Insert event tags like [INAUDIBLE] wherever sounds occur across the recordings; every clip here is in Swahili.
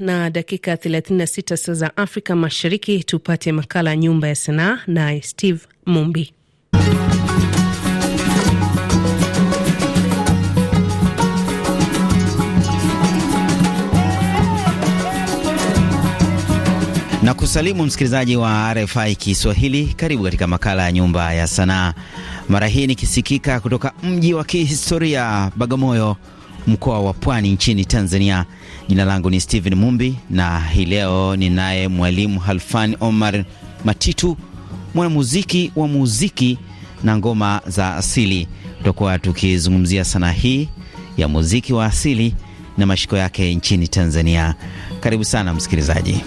Na dakika 36 saa za Afrika Mashariki, tupate makala Nyumba ya Sanaa naye Steve Mumbi. Na kusalimu msikilizaji wa RFI Kiswahili, karibu katika makala ya Nyumba ya Sanaa, mara hii nikisikika kutoka mji wa kihistoria Bagamoyo, mkoa wa Pwani, nchini Tanzania. Jina langu ni Steven Mumbi na hii leo ninaye mwalimu Halfan Omar Matitu, mwanamuziki wa muziki na ngoma za asili. Tutakuwa tukizungumzia sanaa hii ya muziki wa asili na mashiko yake nchini Tanzania. Karibu sana msikilizaji.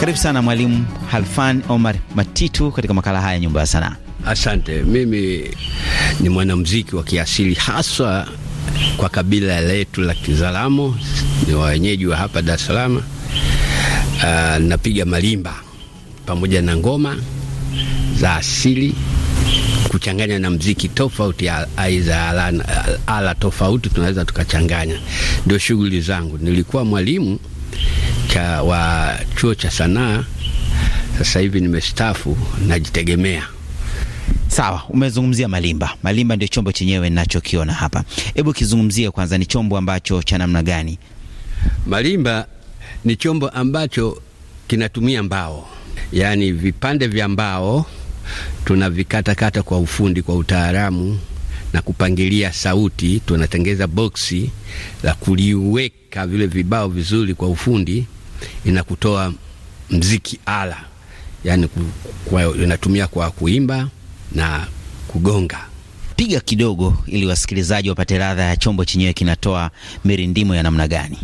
Karibu sana mwalimu Halfan Omar Matitu katika makala haya nyumba ya sanaa. Asante. Mimi ni mwanamuziki wa kiasili, haswa kwa kabila letu la Kizalamo, ni wenyeji wa hapa Dar es Salaam. Uh, napiga malimba pamoja na ngoma za asili kuchanganya na mziki tofauti, aidha ala, ala tofauti tunaweza tukachanganya. Ndio shughuli zangu. Nilikuwa mwalimu cha, wa chuo cha sanaa, sasa hivi nimestafu, najitegemea. Sawa, umezungumzia Malimba. Malimba ndio chombo chenyewe ninachokiona hapa. Hebu kizungumzie kwanza, ni chombo ambacho cha namna gani? Malimba ni chombo ambacho kinatumia mbao, yaani vipande vya mbao tunavikatakata kwa ufundi, kwa utaalamu na kupangilia sauti. Tunatengeza boksi la kuliweka vile vibao vizuri kwa ufundi, inakutoa mziki ala, yaani inatumia kwa kuimba na kugonga piga kidogo, ili wasikilizaji wapate ladha ya chombo chenyewe kinatoa mirindimo ya namna gani.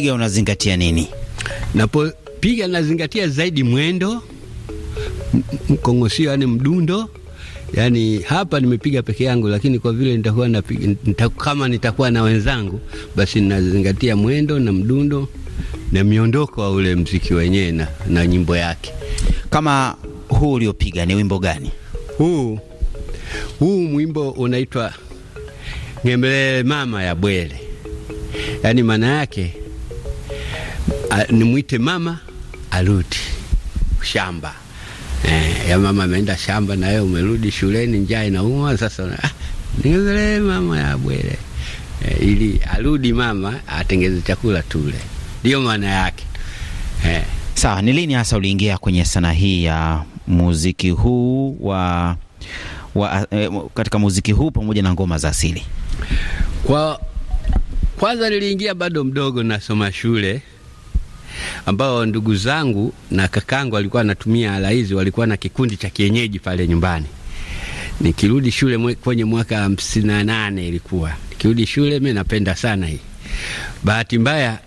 unapiga unazingatia nini? Napopiga nazingatia zaidi mwendo mkongosio, yani mdundo Yaani hapa nimepiga peke yangu, lakini kwa vile nitakuwa napiga nita, kama nitakuwa na wenzangu basi nazingatia mwendo na mdundo na miondoko wa ule mziki wenyewe na, na nyimbo yake. Kama huu uliopiga ni wimbo gani huu? Huu mwimbo unaitwa Ngembelele Mama ya Bwele, yaani maana yake nimwite mama arudi shamba. Eh, ya mama ameenda shamba na wewe umerudi shuleni, njaa inauma sasa. Ah, mama ya bwele eh, ili arudi mama atengeze chakula tule, ndio maana yake eh. Sawa, ni lini hasa uliingia kwenye sanaa hii ya muziki huu wa, wa eh, katika muziki huu pamoja na ngoma za asili? Kwa kwanza niliingia bado mdogo, nasoma shule ambao ndugu zangu na kakangu walikuwa anatumia ala hizi, walikuwa na kikundi cha kienyeji pale nyumbani. Nikirudi shule mwe, kwenye mwaka hamsini na nane ilikuwa nikirudi shule, mi napenda sana hii. Bahati mbaya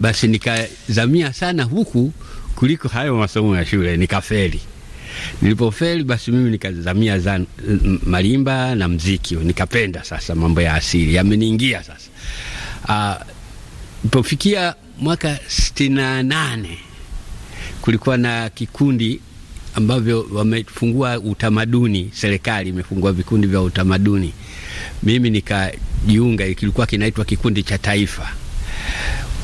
basi nikazamia sana huku kuliko hayo masomo ya shule, nikafeli. Nilipofeli basi mimi nikazamia za malimba na mziki, nikapenda sasa mambo ya asili yameniingia sasa. Uh, ah, pofikia mwaka nane kulikuwa na kikundi ambavyo wamefungua utamaduni, serikali imefungua vikundi vya utamaduni. Mimi nikajiunga, kilikuwa kinaitwa kikundi cha taifa.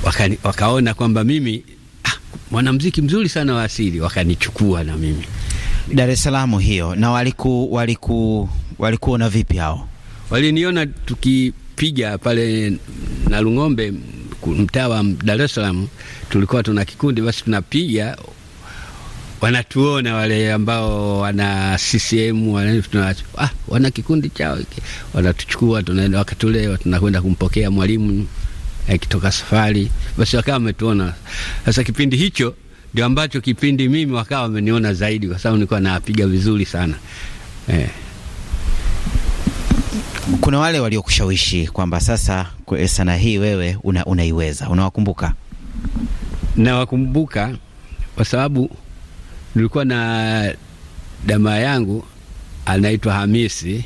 Waka, wakaona kwamba mimi ah, mwanamuziki mzuri sana wa asili, wakanichukua na mimi Dar es Salaam hiyo. Na waliku waliku walikuona vipi hao? Waliniona tukipiga pale na lung'ombe mtaa wa Dar es Salaam tulikuwa tuna kikundi, basi tunapiga wanatuona wale ambao wana CCM wana, tuna, ah, wana kikundi chao hiki, wanatuchukua tunaenda, wakatulewa tunakwenda kumpokea mwalimu akitoka eh, safari, basi wakawa wametuona. Sasa kipindi hicho ndio ambacho kipindi mimi wakawa wameniona zaidi, kwa sababu nilikuwa napiga vizuri sana eh. Kuna wale waliokushawishi kwamba sasa sana hii wewe una, unaiweza, unawakumbuka? Nawakumbuka kwa sababu nilikuwa na dama yangu anaitwa Hamisi,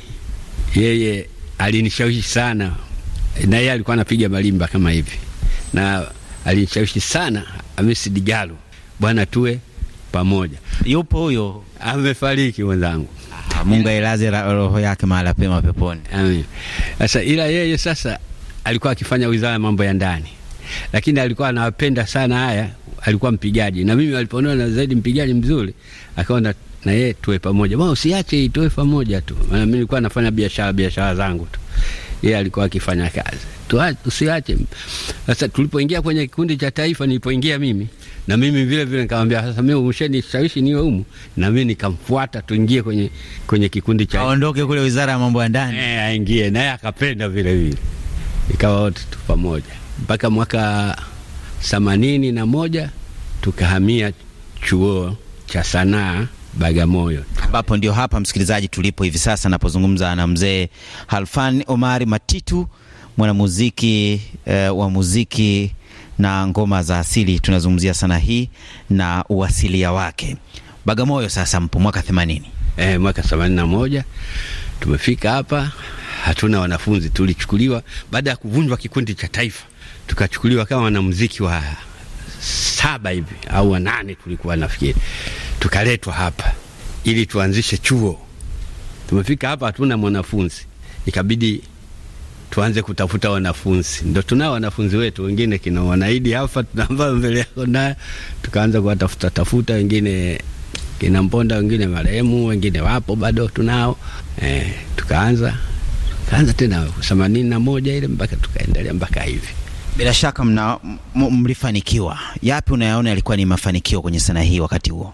yeye alinishawishi sana, na yeye alikuwa anapiga malimba kama hivi, na alinishawishi sana Hamisi Digalo, bwana tuwe pamoja. Yupo huyo, amefariki mwenzangu. Mungu ailaze roho yake mahali pema peponi. Amen. Sasa ila yeye sasa alikuwa akifanya wizara ya mambo ya ndani, lakini alikuwa anawapenda sana haya, alikuwa mpigaji, na mimi walipoona na zaidi mpigaji mzuri, akaona na yeye tuwe pamoja bwana, usiache itoe pamoja tu, maana mimi nilikuwa nafanya biashara biashara zangu tu, yeye alikuwa akifanya kazi tu, usiache. Sasa tulipoingia kwenye kikundi cha taifa, nilipoingia mimi na mimi vile vile nikamwambia, sasa mimi umeshanishawishi niwe humu, na mimi nikamfuata tuingie kwenye kwenye kikundi cha aondoke kule wizara ya mambo ya ndani eh, aingie naye akapenda vile vile, ikawa wote tu pamoja mpaka mwaka themanini na moja tukahamia chuo cha sanaa Bagamoyo ambapo ndio hapa msikilizaji tulipo hivi sasa napozungumza na mzee Halfan Omari Matitu mwanamuziki e, wa muziki na ngoma za asili tunazungumzia sana hii na uasilia wake. Bagamoyo sasa mpo mwaka 80. Eh, mwaka 81 tumefika hapa, hatuna wanafunzi, tulichukuliwa baada ya kuvunjwa kikundi cha taifa, tukachukuliwa kama wanamuziki wa saba hivi au wanane tulikuwa nafikiri, tukaletwa hapa ili tuanzishe chuo. Tumefika hapa hatuna mwanafunzi, ikabidi tuanze kutafuta wanafunzi. Ndo tunao wanafunzi wetu wengine kina Wanaidi hapa tunambao mbele yako naye, tukaanza kuwatafuta tafuta, wengine kina Mponda, wengine marehemu, wengine wapo bado tunao eh, tukaanza tukaanza tena themanini na moja ile mpaka tukaendelea mpaka hivi. Bila shaka mna mlifanikiwa. Yapi unayaona yalikuwa ni mafanikio kwenye sanaa hii wakati huo?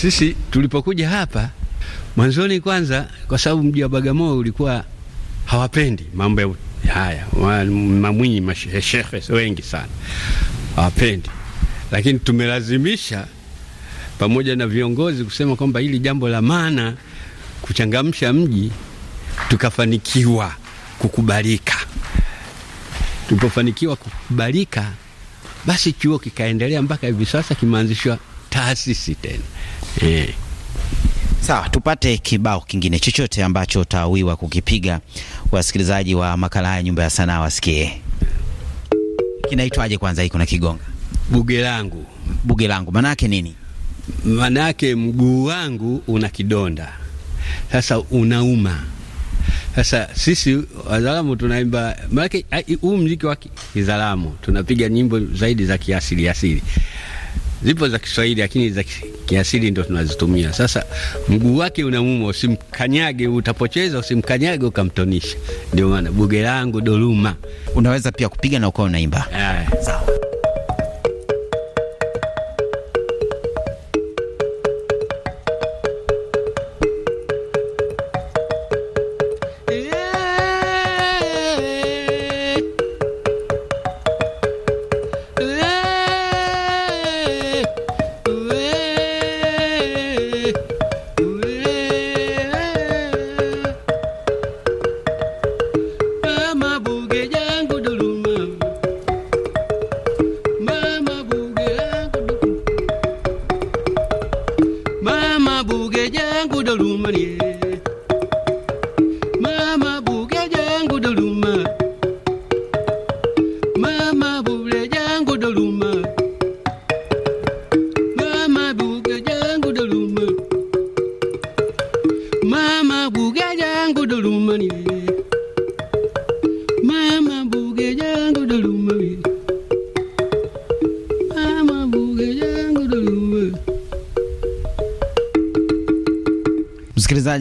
Sisi tulipokuja hapa mwanzoni, kwanza kwa sababu mji wa Bagamoyo ulikuwa hawapendi mambo ya haya mamwinyi mashehe wengi sana hawapendi, lakini tumelazimisha pamoja na viongozi kusema kwamba hili jambo la maana kuchangamsha mji, tukafanikiwa kukubalika. Tulipofanikiwa kukubalika, basi chuo kikaendelea mpaka hivi sasa kimeanzishwa taasisi tena eh. Sawa, tupate kibao kingine chochote ambacho utawiwa kukipiga, wasikilizaji wa makala haya Nyumba ya Sanaa wasikie. Kinaitwaje kwanza hiko na kigonga? Buge langu. Buge langu manake nini? Manake mguu wangu una kidonda, sasa unauma. Sasa sisi wazalamu tunaimba, manake huu mziki wa Kizalamu tunapiga nyimbo zaidi za kiasili asili, asili zipo za Kiswahili lakini za kiasili ndio tunazitumia. Sasa mguu wake unamuuma, usimkanyage, utapocheza, usimkanyage ukamtonisha. Ndio maana buge langu doluma. Unaweza pia kupiga na ukawa unaimba. Sawa.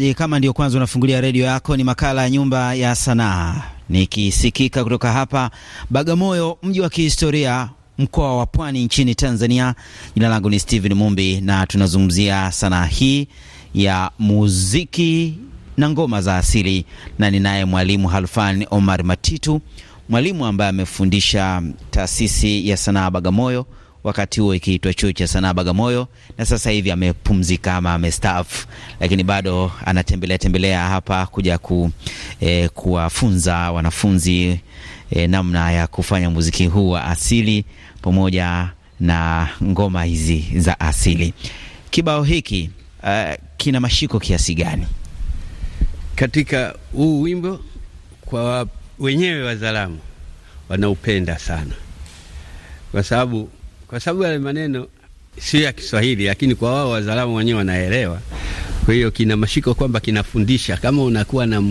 Msikilizaji, kama ndiyo kwanza unafungulia redio yako, ni makala ya Nyumba ya Sanaa nikisikika kutoka hapa Bagamoyo, mji wa kihistoria mkoa wa Pwani nchini Tanzania. Jina langu ni Steven Mumbi na tunazungumzia sanaa hii ya muziki na ngoma za asili, na ninaye mwalimu Halfan Omar Matitu, mwalimu ambaye amefundisha taasisi ya sanaa Bagamoyo wakati huo ikiitwa chuo cha sanaa Bagamoyo, na sasa hivi amepumzika ama amestaafu, lakini bado anatembelea tembelea hapa kuja ku, eh, kuwafunza wanafunzi eh, namna ya kufanya muziki huu wa asili pamoja na ngoma hizi za asili. Kibao hiki uh, kina mashiko kiasi gani katika huu wimbo? Kwa wenyewe Wazalamu wanaupenda sana kwa sababu kwa sababu yale maneno sio ya Kiswahili, lakini kwa wao wazalamu wenyewe wanaelewa. Kwa hiyo kina mashiko kwamba kinafundisha kama unakuwa na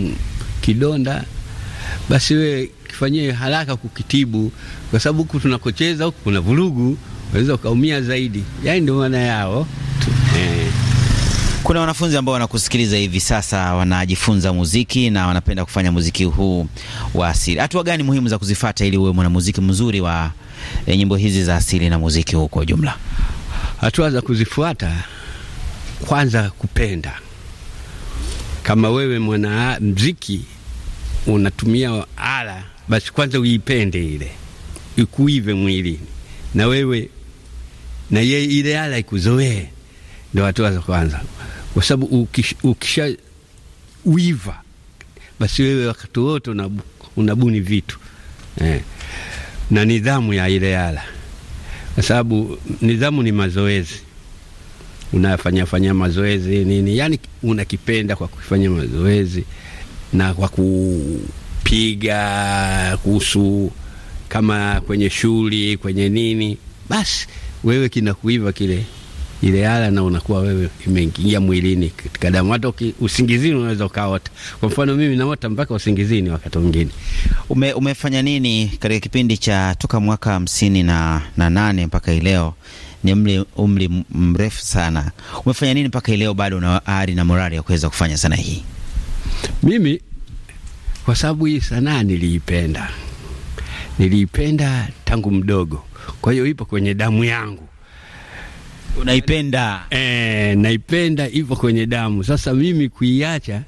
kidonda basi we kifanyie haraka kukitibu, kwa sababu huku tunakocheza huku kuna vurugu, unaweza ukaumia zaidi. Yani ndio maana yao tu, eh. Kuna wanafunzi ambao wanakusikiliza hivi sasa, wanajifunza muziki na wanapenda kufanya muziki huu wa asili. Hatua gani muhimu za kuzifata ili uwe mwanamuziki mzuri wa e, nyimbo hizi za asili na muziki huu kwa ujumla? Hatua za kuzifuata, kwanza kupenda. Kama wewe mwana mziki unatumia ala, basi kwanza uipende ile, ikuive mwilini na wewe na ye, ile ala ikuzoee. ndo hatua za kwanza, kwa sababu ukisha, ukisha uiva basi wewe wakati wote unabuni vitu eh na nidhamu ya ile yala, kwa sababu nidhamu ni mazoezi unayafanya fanya mazoezi nini, yani unakipenda kwa kufanya mazoezi na kwa kupiga kuhusu kama kwenye shuli kwenye nini, basi wewe kinakuiva kile ile ala na unakuwa wewe imeingia mwilini katika damu, hata usingizini unaweza ukaota. Kwa mfano mimi naota mpaka usingizini wakati mwingine. Ume, umefanya nini katika kipindi cha toka mwaka hamsini na, na nane mpaka ileo? Ni umri, umri mrefu sana. Umefanya nini mpaka ileo bado una ari na morali ya kuweza kufanya sanaa hii? Mimi kwa sababu hii sanaa niliipenda, niliipenda tangu mdogo, kwa hiyo ipo kwenye damu yangu Unaipenda eh? Naipenda, ipo kwenye damu. Sasa mimi kuiacha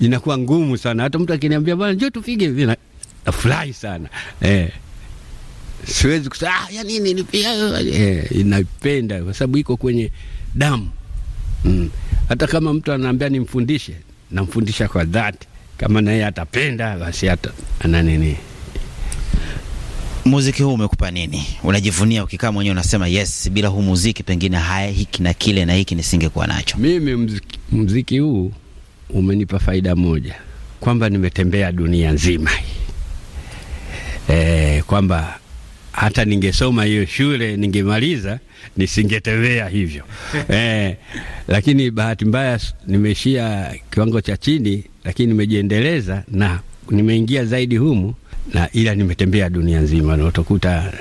inakuwa ngumu sana. Hata mtu akiniambia bwana, njoo tupige hivi, nafurahi sana eh. Siwezi kusema ah, ya nini nipia eh, inaipenda kwa sababu iko kwenye damu mm. Hata kama mtu anaambia nimfundishe, namfundisha kwa dhati, kama naye atapenda basi hata ananini Muziki huu umekupa nini? Unajivunia ukikaa mwenyewe unasema yes, bila huu muziki pengine haya hiki na kile na hiki nisingekuwa nacho. Mimi mziki, mziki huu umenipa faida moja kwamba nimetembea dunia nzima e, kwamba hata ningesoma hiyo shule ningemaliza nisingetembea hivyo [LAUGHS] e, lakini bahati mbaya nimeishia kiwango cha chini, lakini nimejiendeleza na nimeingia zaidi humu na ila nimetembea dunia nzima, na utakuta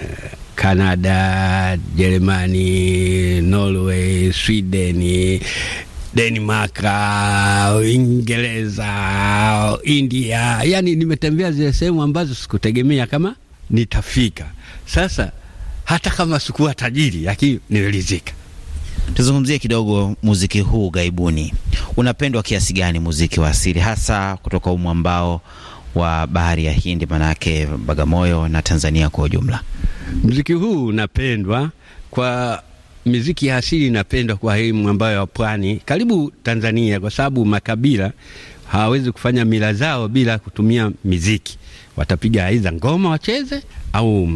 Kanada, eh, Jerumani, Norway, Sweden, Denmark, Uingereza, India, yani nimetembea zile sehemu ambazo sikutegemea kama nitafika. Sasa hata kama sikuwa tajiri, lakini nimeridhika. Tuzungumzie kidogo muziki huu gaibuni. Unapendwa kiasi gani muziki wa asili, hasa kutoka umu ambao wa bahari ya Hindi, manake Bagamoyo na Tanzania kwa ujumla? Mziki huu unapendwa kwa miziki ya asili inapendwa kwa hii ambayo ya pwani karibu Tanzania, kwa sababu makabila hawawezi kufanya mila zao bila kutumia miziki. Watapiga aidha ngoma wacheze, au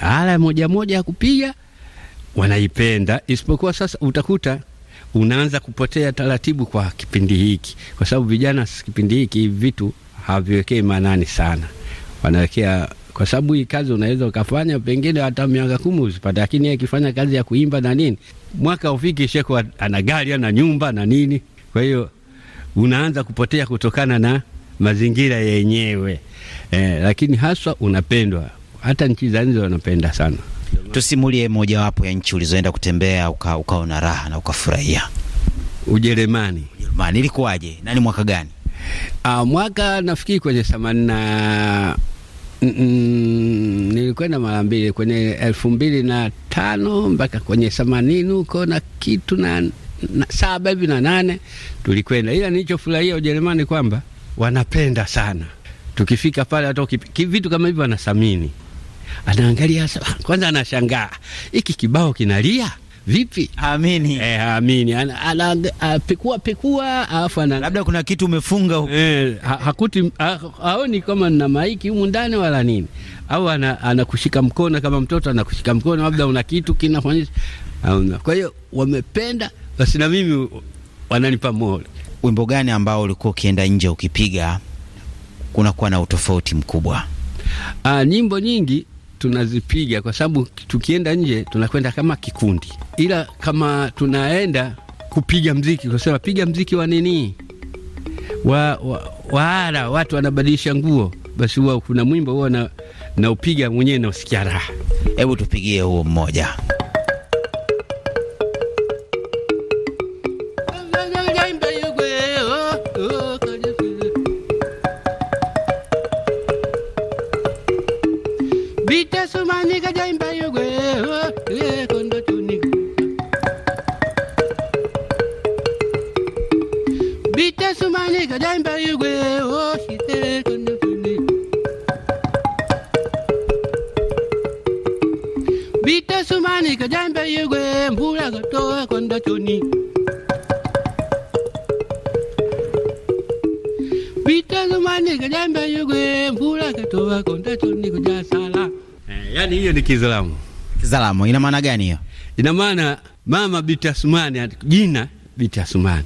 ala moja moja ya kupiga, wanaipenda. Isipokuwa sasa utakuta unaanza kupotea taratibu kwa kipindi hiki, kwa sababu vijana kipindi hiki vitu haviwekei maanani sana, wanawekea kwa sababu hii kazi unaweza ukafanya pengine hata miaka kumi usipate, lakini yeye akifanya kazi ya kuimba na nini, mwaka ufiki sheko ana gari ana nyumba na nini, kwa hiyo unaanza kupotea kutokana na mazingira yenyewe eh, lakini haswa unapendwa, hata nchi za nje wanapenda sana. Tusimulie mojawapo ya nchi ulizoenda kutembea ukaona uka raha na ukafurahia. Ujerumani. Ujerumani ilikuwaje? Nani, mwaka gani? Uh, mwaka nafikiri kwenye themanini na nilikwenda mara mbili kwenye elfu mbili na tano mpaka kwenye themanini huko na kitu na, na saba hivi na nane tulikwenda, ila nilichofurahia Ujerumani kwamba wanapenda sana tukifika pale, hata vitu kama hivyo wanathamini. Anaangalia ah, kwanza, anashangaa hiki kibao kinalia vipi? Amini eh, amini anapekua pekua, alafu ana labda kuna kitu umefunga huko eh, ha, hakuti ha, haoni kama nina maiki humu ndani wala nini, au anakushika ana mkono kama mtoto anakushika mkono, labda una kitu kinafanyisha. Kwa hiyo wamependa basi, na mimi wananipa mole. Wimbo gani ambao ulikuwa ukienda nje ukipiga kunakuwa na utofauti mkubwa? Ah, nyimbo nyingi tunazipiga, kwa sababu tukienda nje tunakwenda kama kikundi, ila kama tunaenda kupiga mziki, kusema piga mziki wa nini, wa waara, watu wanabadilisha nguo, basi huwa kuna mwimbo huwa na naupiga mwenyewe nausikia raha. Hebu tupigie huo mmoja. gani? hiyo ni Kizalamu. Kizalamu ina maana gani hiyo? Ina maana mama binti Asumani, jina binti Asumani,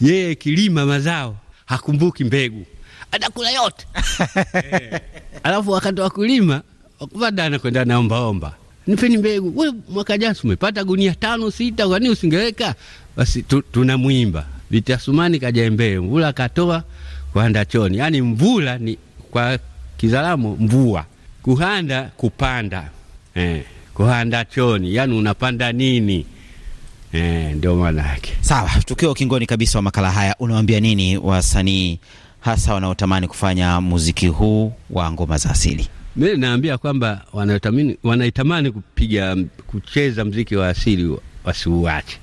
yeye kilima mazao hakumbuki mbegu, anakula yote [LAUGHS] eh. Alafu wakati wa kulima wakupanda, anakwenda naombaomba, nipeni mbegu. We mwaka jana umepata gunia tano sita, kwani usingeweka? Basi tu, tunamwimba binti kaja kajaembee, mvula katoa kwanda choni. Yaani mvula ni kwa Kizalamu mvua Kuhanda kupanda eh, kuhanda choni, yani unapanda nini? Eh, ndio maana yake. Sawa, tukiwa ukingoni kabisa wa makala haya, unawaambia nini wasanii hasa wanaotamani kufanya muziki huu wa ngoma za asili? Mimi naambia kwamba wanatamani wanaitamani kupiga kucheza mziki wa asili wasiuache,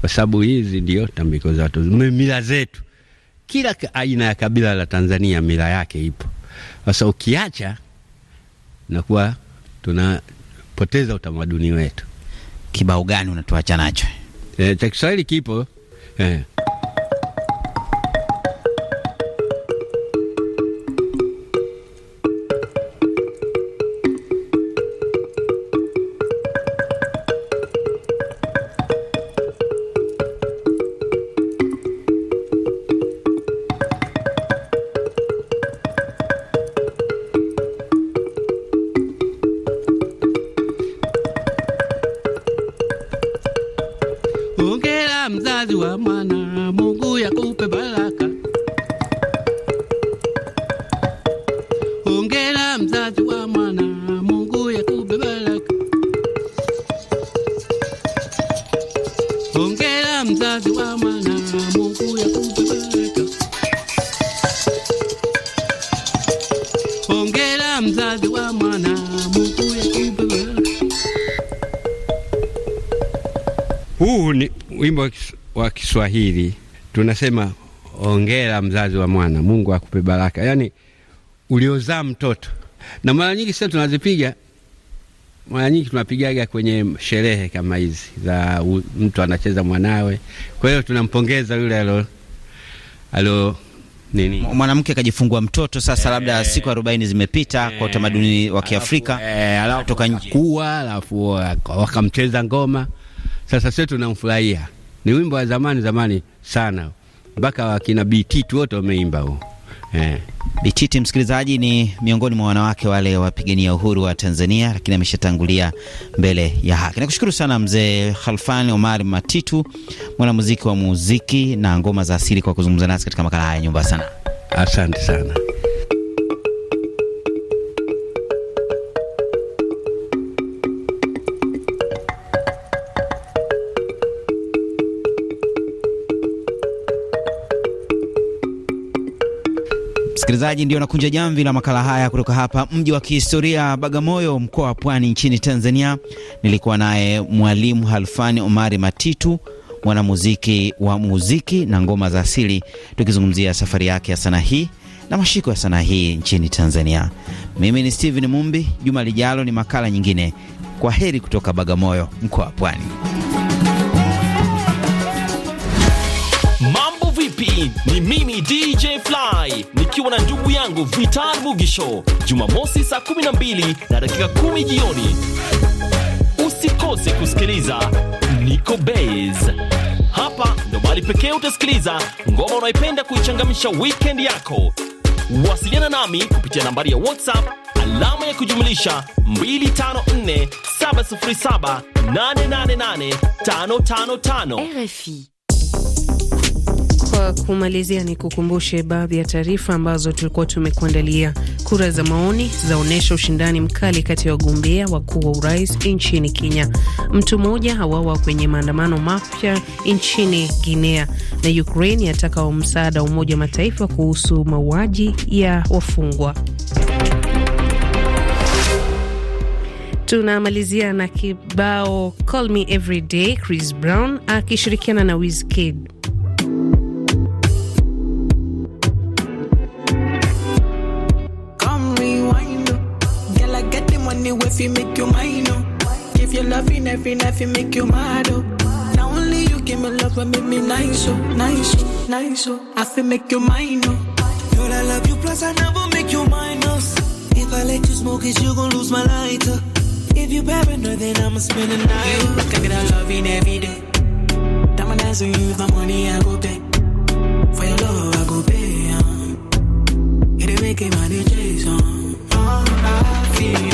kwa sababu hizi ndio tambiko watu, mila zetu. Kila aina ya kabila la Tanzania mila yake ipo. Sasa ukiacha nakuwa tunapoteza utamaduni wetu. Kibao gani unatuacha nacho? E, cha Kiswahili kipo e. ಮನ Kiswahili tunasema ongera mzazi wa mwana, Mungu akupe baraka, yaani uliozaa mtoto. Na mara nyingi sasa tunazipiga mara nyingi tunapigaga kwenye sherehe kama hizi za u, mtu anacheza mwanawe. Kwa hiyo tunampongeza yule alo alo nini, mwanamke akajifungua mtoto sasa, e, labda eh. siku arobaini zimepita e, kwa utamaduni wa Kiafrika e, eh, toka alafu wakamcheza ngoma. Sasa sisi tunamfurahia ni wimbo wa zamani zamani sana, mpaka wakina Bititi wote wameimba huo eh. Bititi msikilizaji, ni miongoni mwa wanawake wale wapigania uhuru wa Tanzania, lakini ameshatangulia mbele ya haki. Nakushukuru sana mzee Khalfani Omar Matitu, mwanamuziki wa muziki na ngoma za asili, kwa kuzungumza nasi katika makala haya Nyumba Sana. Asante sana. msikilizaji, ndio nakunja jamvi la makala haya kutoka hapa mji wa kihistoria Bagamoyo, mkoa wa Pwani, nchini Tanzania. Nilikuwa naye mwalimu Halfani Omari Matitu, mwanamuziki wa muziki na ngoma za asili, tukizungumzia safari yake ya sanaa hii na mashiko ya sanaa hii nchini Tanzania. Mimi ni Steven Mumbi. Juma lijalo ni makala nyingine. Kwa heri kutoka Bagamoyo, mkoa wa Pwani. ni mimi DJ Fly nikiwa na ndugu yangu Vital Bugisho, Jumamosi saa 12 na dakika 10 jioni. Usikose kusikiliza Niko Base. Hapa ndo bali pekee utasikiliza ngoma unaipenda kuichangamisha weekend yako. Wasiliana nami kupitia nambari ya WhatsApp alama ya kujumlisha 254 707 888 555 RFI. Kwa kumalizia, ni kukumbushe baadhi ya taarifa ambazo tulikuwa tumekuandalia. Kura za maoni zaonyesha ushindani mkali kati ya wagombea wakuu wa urais nchini Kenya. Mtu mmoja hawawa kwenye maandamano mapya nchini Guinea, na Ukraine yataka msaada wa Umoja wa Mataifa kuhusu mauaji ya wafungwa. Tunamalizia na kibao Call Me Every Day, Chris Brown akishirikiana na Wizkid. If you make you mine, oh. Give your love in every night you make you mad, oh. Now only you give me love but make me nice, oh, nice, oh, nice, oh. I fi make you mine, oh. Girl, I love you, plus I never make you minus. If I let you smoke it, you gon' lose my lighter. Oh. If you paranoid, then I'ma spend the night. You look like that love in every day. Diamond dance with you, my money I go pay. For your love, I go pay, um. It ain't making money, Jason. Oh, I feel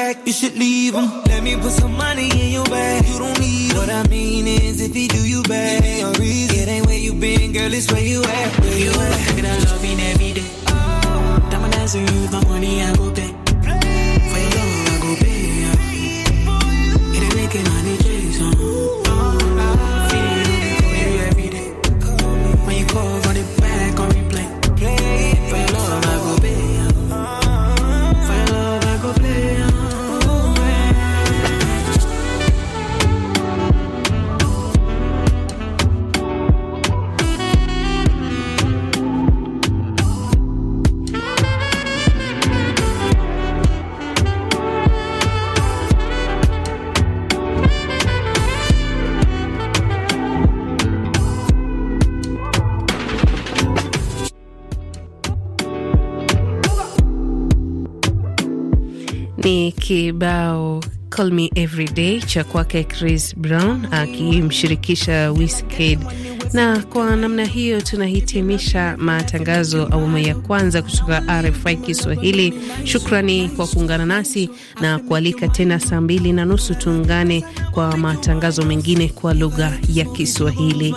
back, you should leave him. Let me put some money in your bag. You don't need him. What I mean is, if he do you bad, it ain't reason. It ain't where you been, girl, it's where you at. Where you at? gonna love loving every day. Oh. Diamond dancing with my money, I go pay. ni kibao Call Me Everyday cha kwake Chris Brown akimshirikisha Wizkid. Na kwa namna hiyo tunahitimisha matangazo awamu ya kwanza kutoka RFI Kiswahili. Shukrani kwa kuungana nasi na kualika tena saa mbili na nusu tuungane kwa matangazo mengine kwa lugha ya Kiswahili.